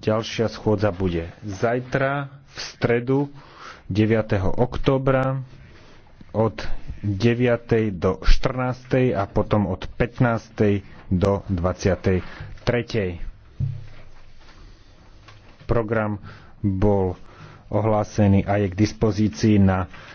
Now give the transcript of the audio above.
Ďalšia schôdza bude zajtra v stredu 9. oktobra od 9. do 14. a potom od 15. do 23. Program bol ohlásený a je k dispozícii na